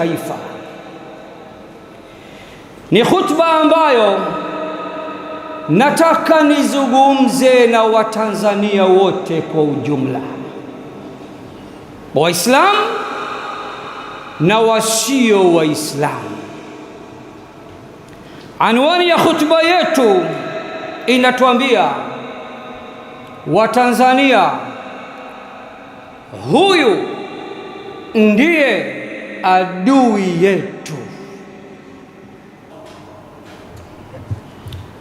Taifa ni khutba ambayo nataka nizungumze na Watanzania wote kwa ujumla, Waislamu na wasio Waislamu. Anwani ya khutba yetu inatuambia Watanzania, huyu ndiye adui yetu.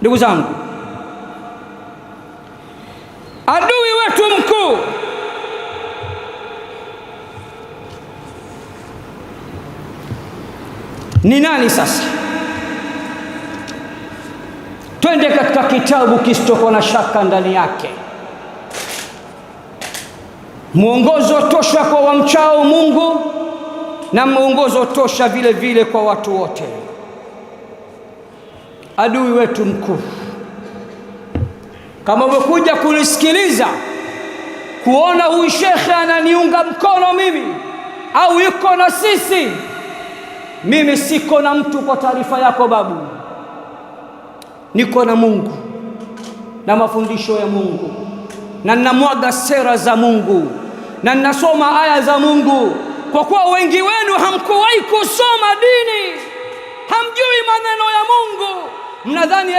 Ndugu zangu, adui wetu mkuu ni nani? Sasa twende katika kitabu kisichokuwa na shaka ndani yake, mwongozo tosha kwa wamchao Mungu na mwongozo tosha vile vile kwa watu wote. Adui wetu mkuu, kama umekuja kunisikiliza kuona huyu shekhe ananiunga mkono mimi au yuko na sisi, mimi siko na mtu. Kwa taarifa yako babu, niko na Mungu na mafundisho ya Mungu na ninamwaga sera za Mungu na ninasoma aya za Mungu kwa kuwa wengi wenu hamkuwahi kusoma dini, hamjui maneno ya Mungu. Mnadhani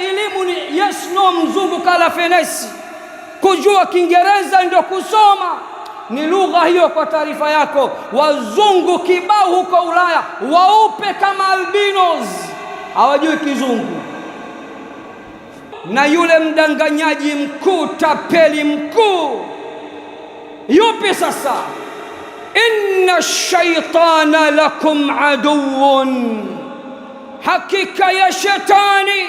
elimu ni yes no mzungu kala fenesi, kujua Kiingereza ndio kusoma. Ni lugha hiyo. Kwa taarifa yako, wazungu kibao huko Ulaya, waupe kama albinos, hawajui kizungu. Na yule mdanganyaji mkuu, tapeli mkuu, yupi sasa? إن الشيطان لكم عدو حكيك يا شيطاني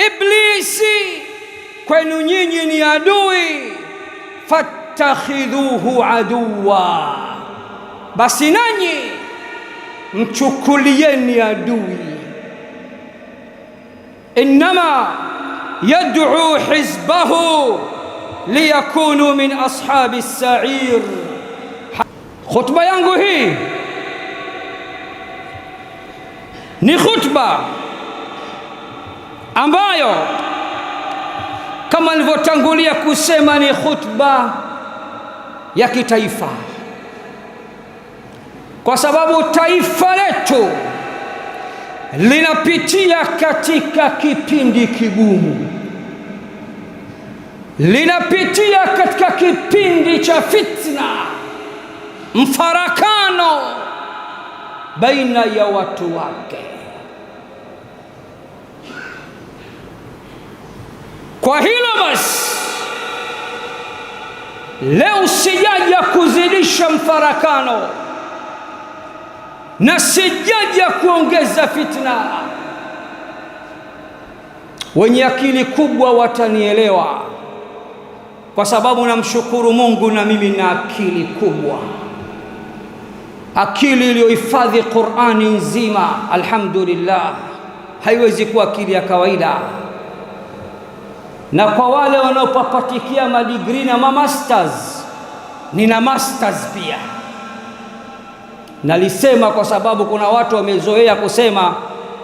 إبليسي كن نيني ني فاتخذوه عدوا بس ناني متشكلين يا إنما يدعو حزبه ليكونوا من أصحاب السعير Khutba yangu hii ni khutba ambayo kama nilivyotangulia kusema ni khutba ya kitaifa, kwa sababu taifa letu linapitia katika kipindi kigumu, linapitia katika kipindi cha fitna mfarakano baina ya watu wake. Kwa hilo basi, leo sijaja kuzidisha mfarakano na sijaja kuongeza fitna. Wenye akili kubwa watanielewa, kwa sababu namshukuru Mungu na mimi na akili kubwa akili iliyohifadhi Qur'ani nzima, alhamdulillah, haiwezi kuwa akili ya kawaida. Na kwa wale wanaopapatikia madigrii na mamasters, nina masters pia. Nalisema kwa sababu kuna watu wamezoea kusema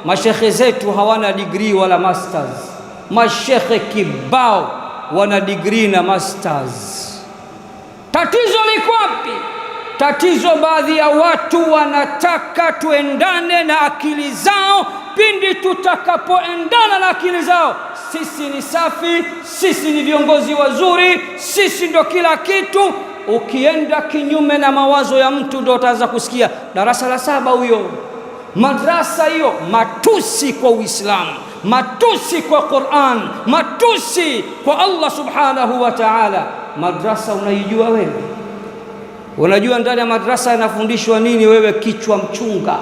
mashekhe zetu hawana digrii wala masters. Mashekhe kibao wana digrii na masters. Tatizo liko wapi? Tatizo, baadhi ya watu wanataka tuendane na akili zao. Pindi tutakapoendana na akili zao, sisi ni safi, sisi ni viongozi wazuri, sisi ndo kila kitu. Ukienda kinyume na mawazo ya mtu, ndo utaanza kusikia darasa la saba huyo, madrasa hiyo, matusi kwa Uislamu, matusi kwa Qur'an, matusi kwa Allah subhanahu wa ta'ala. Madrasa unaijua wewe? Unajua ndani ya madrasa yanafundishwa nini? Wewe kichwa mchunga,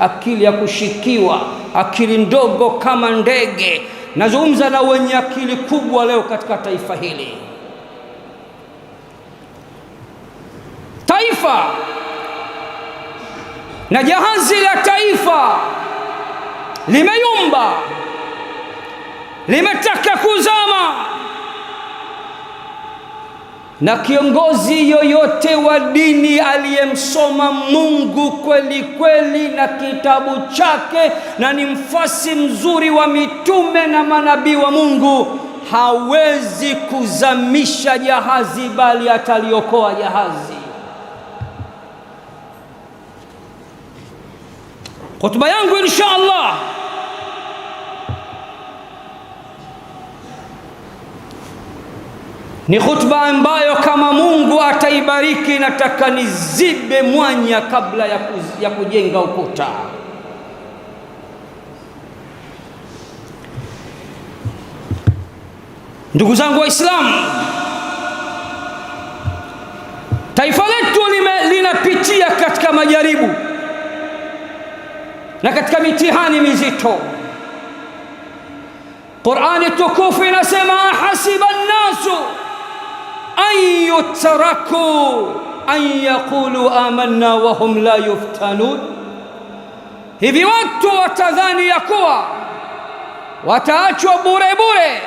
akili ya kushikiwa, akili ndogo kama ndege. Nazungumza na wenye akili kubwa leo katika taifa hili. Taifa na jahazi la taifa limeyumba, limetaka kuzama na kiongozi yoyote wa dini aliyemsoma Mungu kweli kweli na kitabu chake na ni mfasi mzuri wa mitume na manabii wa Mungu hawezi kuzamisha jahazi, bali ataliokoa jahazi. Hotuba yangu insha Allah Ni khutba ambayo kama Mungu ataibariki, nataka nizibe mwanya kabla ya, kuz, ya kujenga ukuta. Ndugu zangu Waislamu, taifa letu linapitia katika majaribu na katika mitihani mizito. Qurani tukufu inasema ahasiba nnasu anyutaraku an yaqulu amanna hum la yuftanun, hivi watu watadhani ya kuwa wataachwa bure bure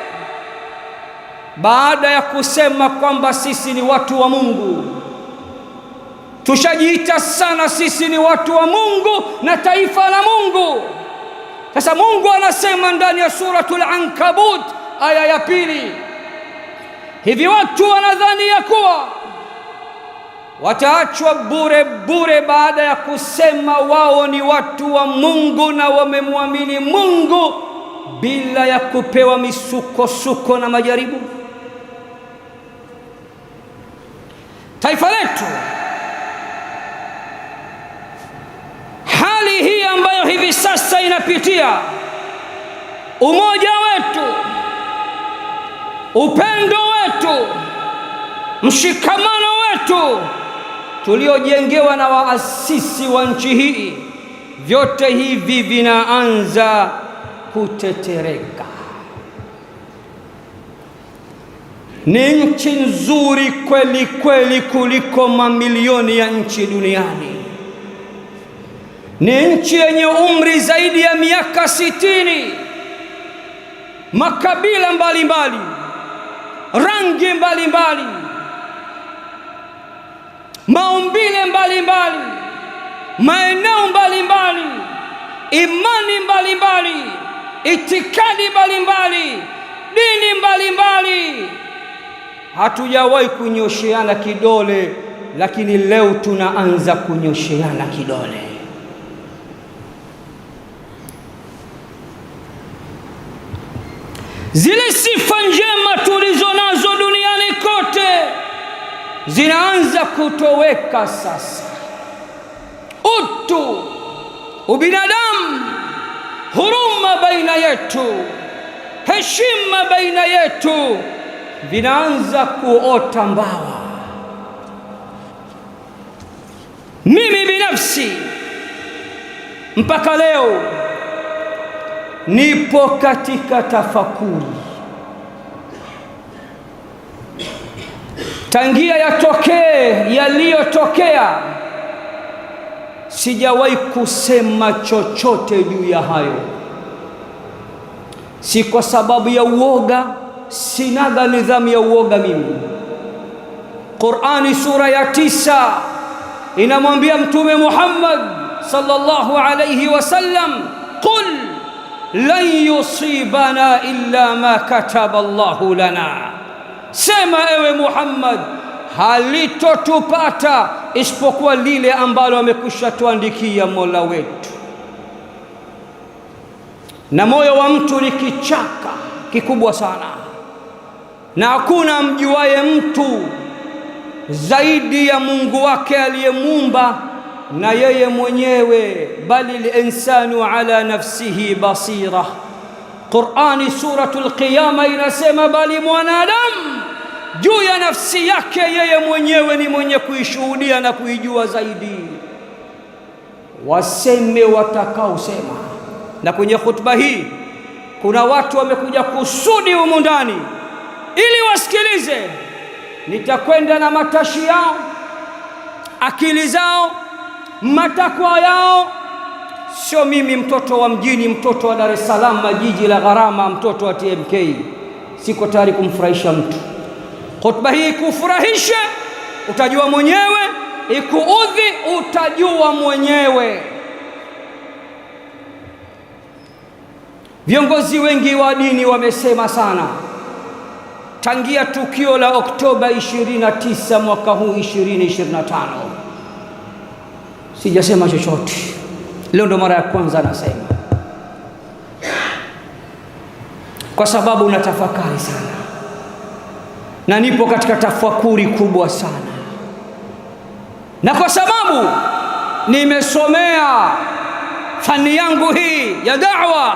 baada ya kusema kwamba sisi ni watu wa Mungu. Tushajiita sana sisi ni watu wa Mungu na taifa la Mungu. Sasa Mungu anasema ndani ya Suratul Ankabut aya ya pili Hivi watu wanadhani ya kuwa wataachwa bure bure baada ya kusema wao ni watu wa Mungu na wamemwamini Mungu bila ya kupewa misukosuko na majaribu. Taifa letu hali hii ambayo hivi sasa inapitia, umoja wetu, upendo wetu wetu, mshikamano wetu tuliojengewa na waasisi wa nchi hii, vyote hivi vinaanza kutetereka. Ni nchi nzuri kweli kweli kuliko mamilioni ya nchi duniani. Ni nchi yenye umri zaidi ya miaka sitini, makabila mbalimbali mbali rangi mbalimbali, maumbile mbalimbali, maeneo mbalimbali, imani mbalimbali, itikadi mbalimbali, dini mbalimbali. Hatujawahi kunyosheana kidole, lakini leo tunaanza kunyosheana kidole. Zile sifa njema tulizo nazo duniani kote zinaanza kutoweka sasa. Utu, ubinadamu, huruma baina yetu, heshima baina yetu vinaanza kuota mbawa. Mimi binafsi mpaka leo nipo katika tafakuri tangia yatokee yaliyotokea, sijawahi kusema chochote juu ya hayo, si kwa sababu ya uoga. Sinaga nidhamu ya uoga mimi. Qur'ani sura ya tisa inamwambia Mtume Muhammad sallallahu alayhi wasallam qul lan yusibana illa ma kataba Allahu lana, sema ewe Muhammad, halitotupata isipokuwa lile ambalo amekwisha tuandikia Mola wetu. Na moyo wa mtu ni kichaka kikubwa sana, na hakuna mjuaye mtu zaidi ya Mungu wake aliyemuumba na yeye mwenyewe, bali linsanu ala nafsihi basira. Qurani Suratul Qiyama inasema, bali mwanadamu juu ya nafsi yake yeye mwenyewe ni mwenye kuishuhudia na kuijua zaidi. Waseme watakaosema. Na kwenye khutba hii kuna watu wamekuja kusudi humu ndani ili wasikilize, nitakwenda na matashi yao, akili zao matakwa yao, sio mimi mtoto wa mjini, mtoto wa Dar es Salaam, jiji la gharama, mtoto wa TMK. Siko tayari kumfurahisha mtu. Hotuba hii ikufurahishe, utajua mwenyewe, ikuudhi, utajua mwenyewe. Viongozi wengi wa dini wamesema sana tangia tukio la Oktoba 29 mwaka huu 2025 sijasema chochote leo, ndo mara ya kwanza nasema, kwa sababu natafakari sana na nipo katika tafakuri kubwa sana, na kwa sababu nimesomea fani yangu hii ya da'wa.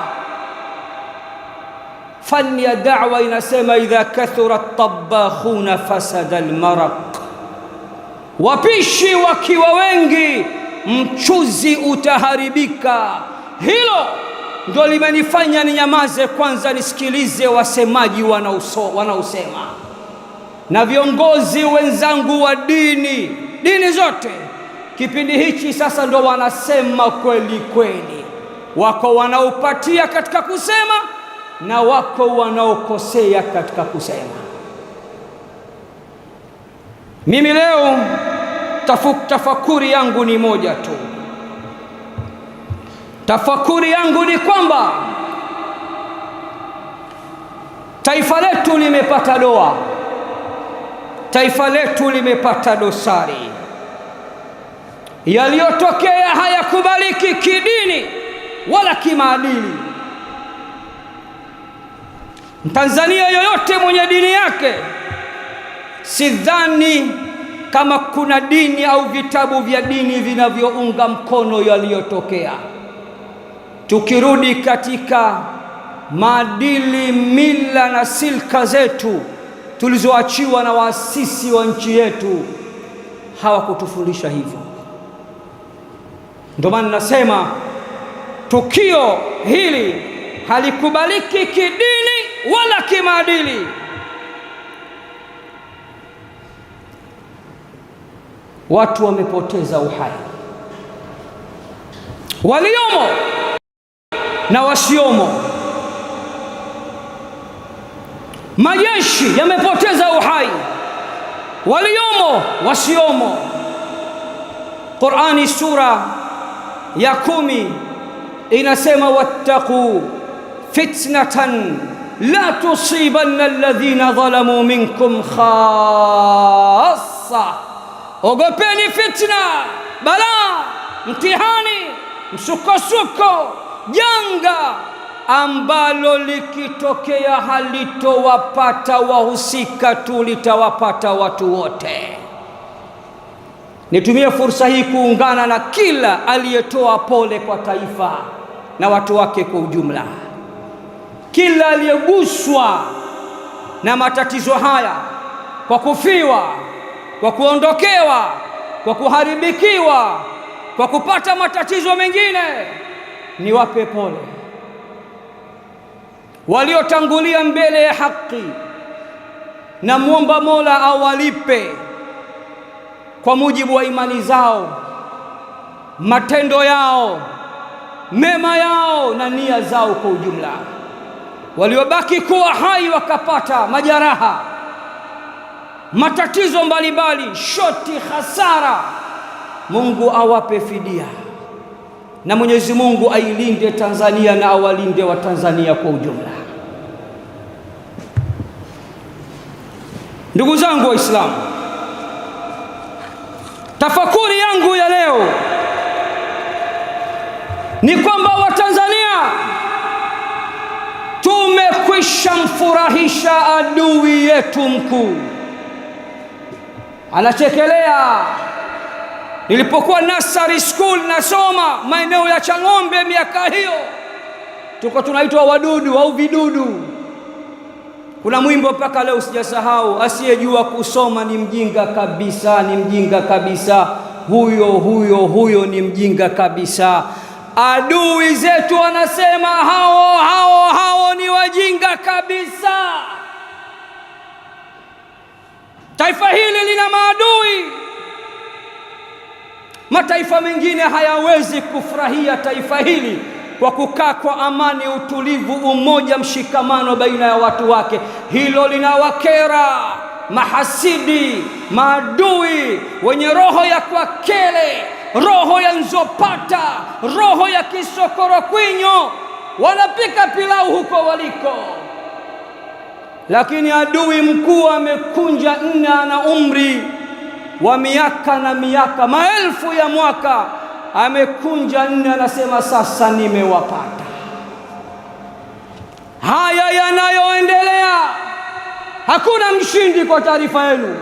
Fani ya da'wa inasema idha kathura tabakhuna fasada almaraq, wapishi wakiwa wengi mchuzi utaharibika. Hilo ndo limenifanya ninyamaze kwanza, nisikilize wasemaji wanausema, na viongozi wenzangu wa dini, dini zote kipindi hichi sasa ndo wanasema kweli kweli. Wako wanaopatia katika kusema na wako wanaokosea katika kusema. Mimi leo Tafuk, tafakuri yangu ni moja tu. Tafakuri yangu ni kwamba taifa letu limepata doa, taifa letu limepata dosari. Yaliyotokea hayakubaliki kidini wala kimaadili. Mtanzania yoyote mwenye dini yake sidhani kama kuna dini au vitabu vya dini vinavyounga mkono yaliyotokea. Tukirudi katika maadili, mila na silka zetu tulizoachiwa na waasisi wa nchi yetu, hawakutufundisha hivyo. Ndio maana nasema tukio hili halikubaliki kidini wala kimaadili. watu wamepoteza uhai waliomo na wasiomo, majeshi yamepoteza uhai waliomo wasiomo. Qurani sura ya kumi inasema wattaquu fitnatan la tusibanna alladhina dhalamu minkum khassa ogopeni fitna, balaa, mtihani, msukosuko, janga ambalo likitokea halitowapata wahusika tu, litawapata watu wote. Nitumie fursa hii kuungana na kila aliyetoa pole kwa taifa na watu wake kwa ujumla, kila aliyeguswa na matatizo haya kwa kufiwa kwa kuondokewa, kwa kuharibikiwa, kwa kupata matatizo mengine, niwape pole waliotangulia mbele ya haki. Namwomba Mola awalipe kwa mujibu wa imani zao, matendo yao mema yao na nia zao kwa ujumla. Waliobaki kuwa hai wakapata majeraha matatizo mbalimbali, shoti, hasara, Mungu awape fidia na Mwenyezi Mungu ailinde Tanzania na awalinde Watanzania kwa ujumla. Ndugu zangu Waislamu, tafakuri yangu ya leo ni kwamba Watanzania tumekwisha mfurahisha adui yetu mkuu anachekelea. Nilipokuwa nasari school nasoma maeneo ya Chang'ombe miaka hiyo, tuko tunaitwa wadudu au vidudu. Kuna mwimbo mpaka leo sijasahau, asiyejua kusoma ni mjinga kabisa, ni mjinga kabisa, huyo huyo huyo ni mjinga kabisa. Adui zetu wanasema hao hao hao ni wajinga kabisa. Taifa hili lina maadui. Mataifa mengine hayawezi kufurahia taifa hili kwa kukaa kwa amani, utulivu, umoja, mshikamano baina ya watu wake. Hilo linawakera mahasidi, maadui wenye roho ya kwa kele, roho ya nzopata, roho ya kisokoro kwinyo wanapika pilau huko waliko lakini adui mkuu amekunja nne, ana umri wa miaka na miaka maelfu ya mwaka, amekunja nne, anasema sasa nimewapata. Haya yanayoendelea hakuna mshindi kwa taarifa yenu,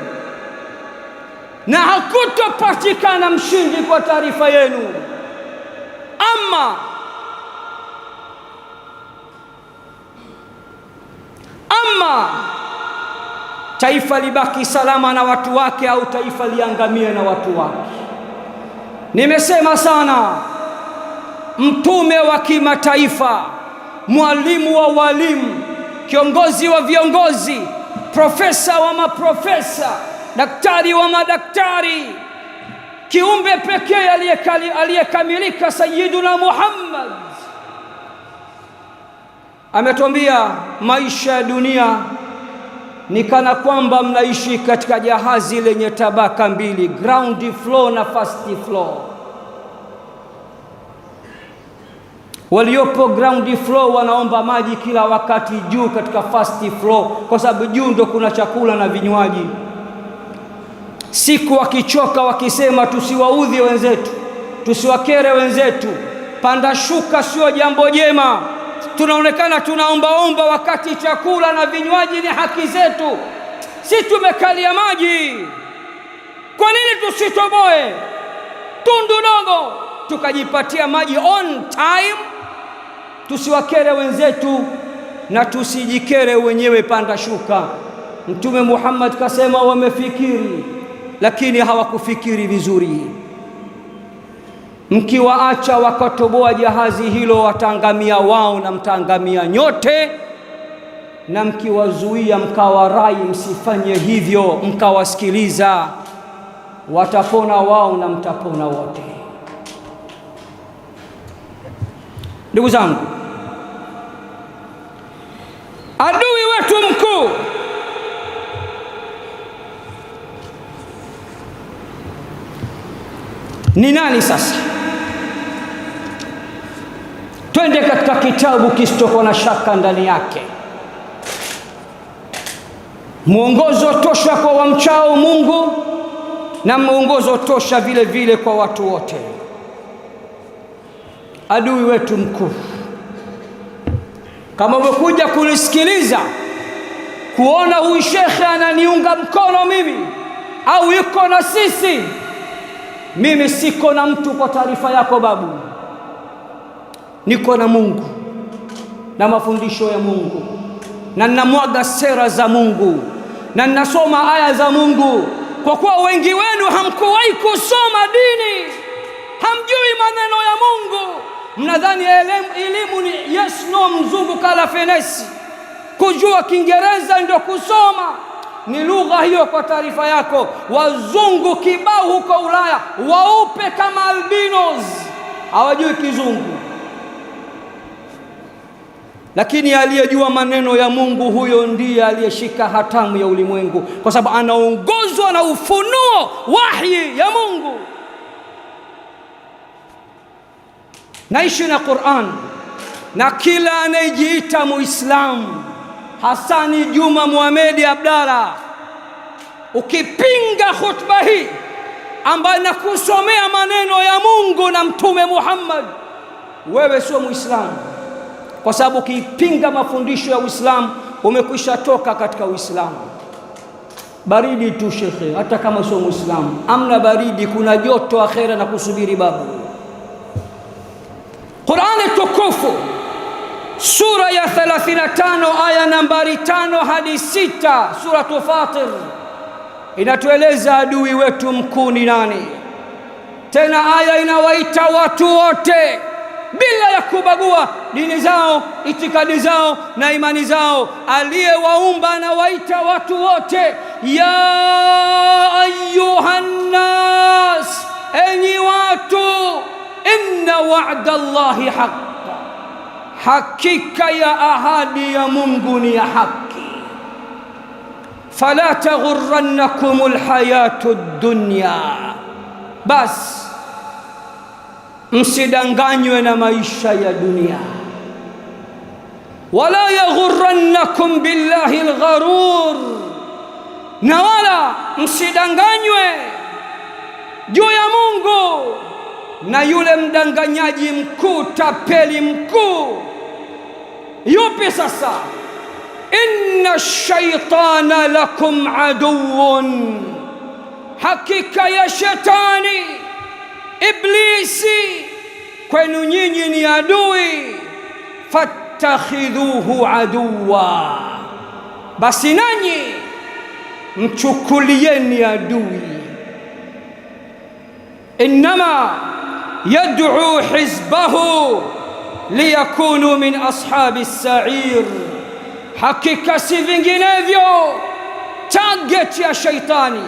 na hakutopatikana mshindi kwa taarifa yenu. Ama amma taifa libaki salama na watu wake au taifa liangamie na watu wake. Nimesema sana, mtume wa kimataifa, mwalimu wa walimu, kiongozi wa viongozi, profesa wa maprofesa, daktari wa madaktari, kiumbe pekee aliyekamilika Sayyiduna Muhammad ametuambia maisha ya dunia ni kana kwamba mnaishi katika jahazi lenye tabaka mbili, ground floor na first floor. Waliopo ground floor wanaomba maji kila wakati juu katika first floor, kwa sababu juu ndo kuna chakula na vinywaji. Siku wakichoka wakisema, tusiwaudhi wenzetu, tusiwakere wenzetu, panda shuka sio jambo jema tunaonekana tunaombaomba, wakati chakula na vinywaji ni haki zetu. Si tumekalia maji? Kwa nini tusitoboe tundu dogo tukajipatia maji on time? Tusiwakere wenzetu na tusijikere wenyewe, panda shuka. Mtume Muhammad kasema, wamefikiri lakini hawakufikiri vizuri mkiwaacha wakatoboa jahazi hilo wataangamia wao na mtaangamia nyote, na mkiwazuia mkawarai msifanye hivyo, mkawasikiliza watapona wao na mtapona wote. Ndugu zangu, adui wetu mkuu ni nani sasa? Twende katika kitabu kisichokuwa na shaka ndani yake, mwongozo tosha kwa wamchao Mungu na mwongozo tosha vile vile kwa watu wote. Adui wetu mkuu, kama umekuja kunisikiliza kuona huyu shekhe ananiunga mkono mimi au yuko na sisi, mimi siko na mtu. Kwa taarifa yako babu niko na Mungu na mafundisho ya Mungu na ninamwaga sera za Mungu na ninasoma aya za Mungu, kwa kuwa wengi wenu hamkuwahi kusoma dini, hamjui maneno ya Mungu. Mnadhani elimu ni yes no mzungu kala fenesi, kujua Kiingereza ndio kusoma. Ni lugha hiyo. Kwa taarifa yako, wazungu kibao huko Ulaya, waupe kama albinos hawajui kizungu lakini aliyejua maneno ya Mungu huyo ndiye aliyeshika hatamu ya ulimwengu, kwa sababu anaongozwa na ufunuo wahyi ya Mungu. Naishi na Qur'an, na kila anayejiita Muislamu, Hasani Juma Muhamedi Abdalla, ukipinga khutba hii ambayo nakusomea maneno ya Mungu na Mtume Muhammad, wewe sio Muislamu kwa sababu ukiipinga mafundisho ya Uislamu umekwisha toka katika Uislamu. Baridi tu shekhe, hata kama sio Muislamu amna baridi, kuna joto akhera na kusubiri babu. Qurani tukufu sura ya 35 aya nambari 5 hadi 6 Suratu Fatir inatueleza adui wetu mkuu ni nani, tena aya inawaita watu wote bila ya kubagua dini zao, itikadi zao na imani zao. Aliyewaumba anawaita watu wote, ya ayyuhannas, enyi watu, inna wa'da llahi haq, hakika ya ahadi ya Mungu ni ya haki. Fala taghurrannakum lhayatu dunya, basi msidanganywe na maisha ya dunia. Wala yaghurrannakum billahi lgharur na wala msidanganywe juu ya Mungu na yule mdanganyaji mkuu, tapeli mkuu. Yupi sasa? Inna shaitana lakum aduwun, hakika ya shetani Iblisi kwenu nyinyi ni adui, fattakhidhuhu aduwa, basi nanyi mchukulieni adui. Innama yad'u hizbahu liyakunu min ashabi sair, hakika si vinginevyo target ya shaitani,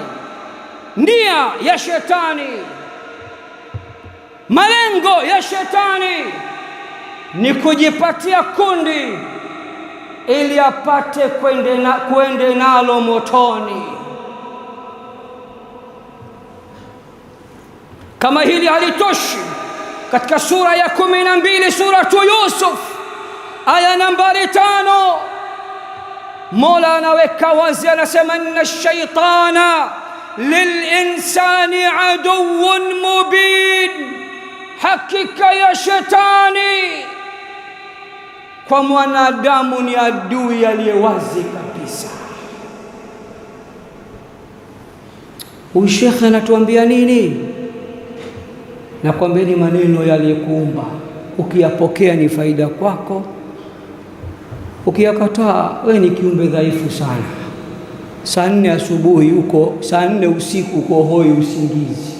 nia ya shetani Malengo ya shetani ni kujipatia kundi ili apate kwende na, kwende nalo motoni. Kama hili halitoshi, katika sura ya kumi na mbili suratu Yusuf aya nambari tano Mola anaweka wazi, anasema inna shaitana lilinsani aduwun mubin Hakika ya shetani kwa mwanadamu ni adui aliye wazi kabisa. Huyu shekhe anatuambia nini? Nakwambieni maneno yaliyekuumba, ukiyapokea ni faida kwako, ukiyakataa we ni kiumbe dhaifu sana. Saa nne asubuhi huko, saa nne usiku uko hoi usingizi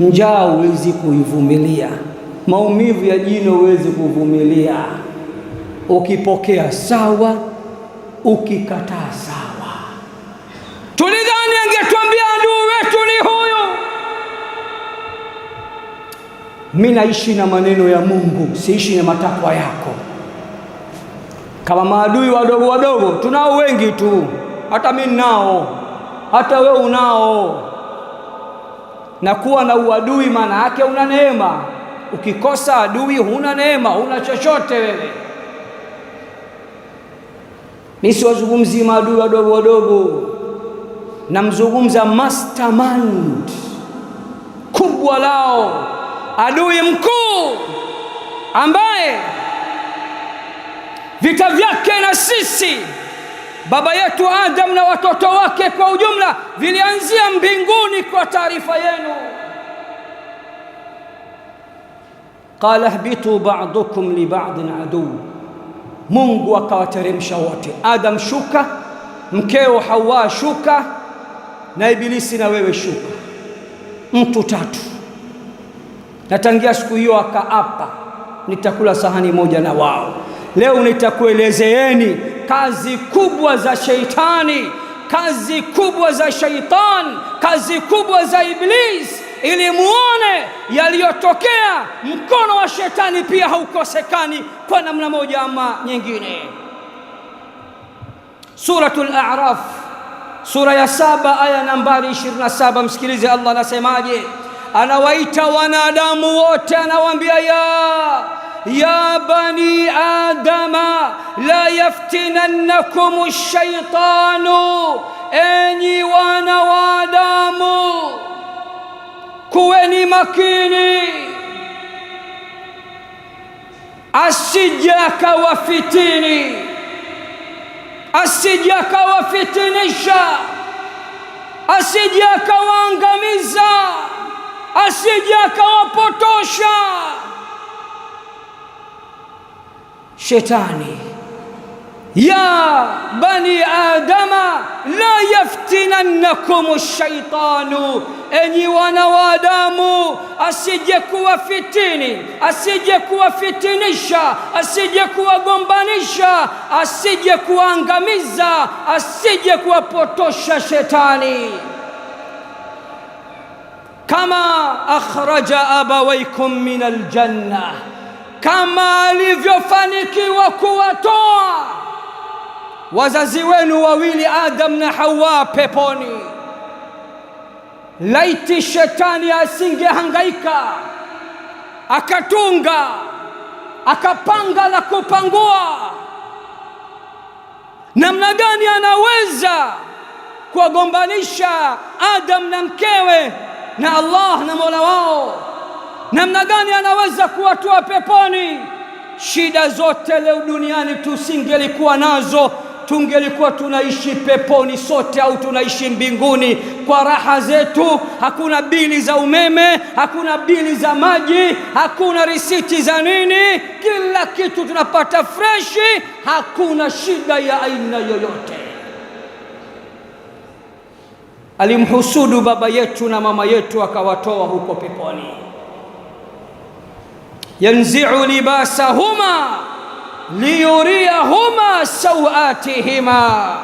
njaa huwezi kuivumilia, maumivu ya jino huwezi kuvumilia. Ukipokea sawa, ukikataa sawa. Tulidhani angetuambia adui wetu ni huyo Mimi naishi na maneno ya Mungu, siishi na matakwa yako. Kama maadui wadogo wadogo tunao wengi tu, hata mimi nao, hata we unao na kuwa na uadui maana yake una neema. Ukikosa adui huna neema, huna chochote wewe. Mi siwazungumzi maadui wadogo wadogo, namzungumza mastermind kubwa lao, adui mkuu ambaye vita vyake na sisi baba yetu Adam na watoto wake kwa ujumla vilianzia mbinguni. Kwa taarifa yenu, qala hbitu ba'dukum li ba'din adu, Mungu akawateremsha wote. Adam shuka, mkeo Hawa shuka, na Ibilisi na wewe shuka, mtu tatu. Natangia siku hiyo akaapa, nitakula sahani moja na wao. Leo nitakuelezeeni kazi kubwa za sheitani, kazi kubwa za shaitan kazi kubwa za iblis ili muone yaliyotokea. Mkono wa shetani pia haukosekani kwa namna moja ama nyingine. Suratul A'raf sura ya saba aya nambari 27, msikilize Allah anasemaje, anawaita wanadamu wote, anawaambia ya ya bani adama la yaftinannakum shaitanu, enyi wana wa Adamu, kuweni makini asije akawafitini, asije akawafitinisha, asije akawaangamiza, asije akawapotosha. شيطاني يا بني آدم لا يفتننكم الشيطان أني وانا وادام أسيجك وفتني أسيجك وفتنشا أسيجك وغنبانشا أسيجك انغاميزا أسيجك بوتوشا شيطاني كما أخرج أبويكم من الجنة kama alivyofanikiwa kuwatoa wazazi wenu wawili Adam na Hawa peponi. Laiti shetani asingehangaika akatunga akapanga na kupangua namna gani anaweza kuwagombanisha Adam na mkewe na Allah na Mola wao namna gani anaweza kuwatoa peponi. Shida zote leo duniani tusingelikuwa nazo, tungelikuwa tunaishi peponi sote au tunaishi mbinguni kwa raha zetu. Hakuna bili za umeme, hakuna bili za maji, hakuna risiti za nini, kila kitu tunapata freshi, hakuna shida ya aina yoyote. Alimhusudu baba yetu na mama yetu akawatoa huko peponi yanziu libasahuma liyuriyahuma sawatihima,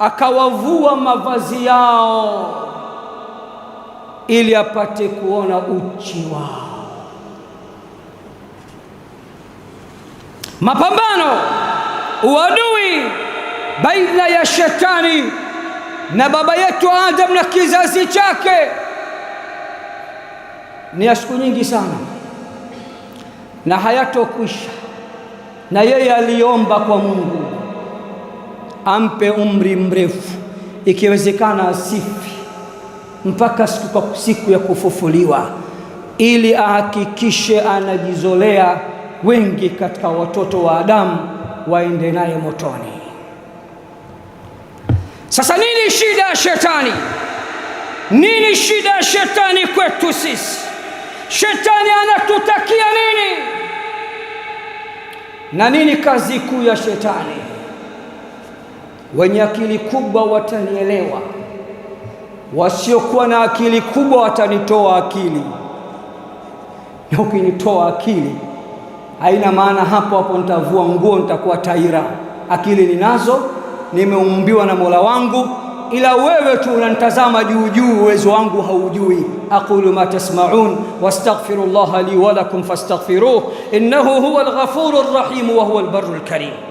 akawavua mavazi yao ili apate kuona uchi wao. Mapambano, uadui baina ya shetani na baba yetu Adam na kizazi chake ni ya siku nyingi sana na hayatokwisha. Na yeye aliomba kwa Mungu ampe umri mrefu, ikiwezekana asifi mpaka siku, siku ya kufufuliwa, ili ahakikishe anajizolea wengi katika watoto wa Adamu waende naye motoni. Sasa nini shida ya shetani? Nini shida ya shetani kwetu sisi? Shetani anatutakia nini na nini? Kazi kuu ya shetani, wenye akili kubwa watanielewa, wasiokuwa na akili kubwa watanitoa akili, na ukinitoa akili haina maana, hapo hapo nitavua nguo, nitakuwa taira. Akili ninazo, nimeumbiwa na Mola wangu ila wewe tu unanitazama juu juu, uwezo wangu haujui. aqulu ma tasmaun wastaghfiru llaha li wa lakum fastaghfiruh innahu huwa alghafuru rrahim wa huwa albarru lkarim.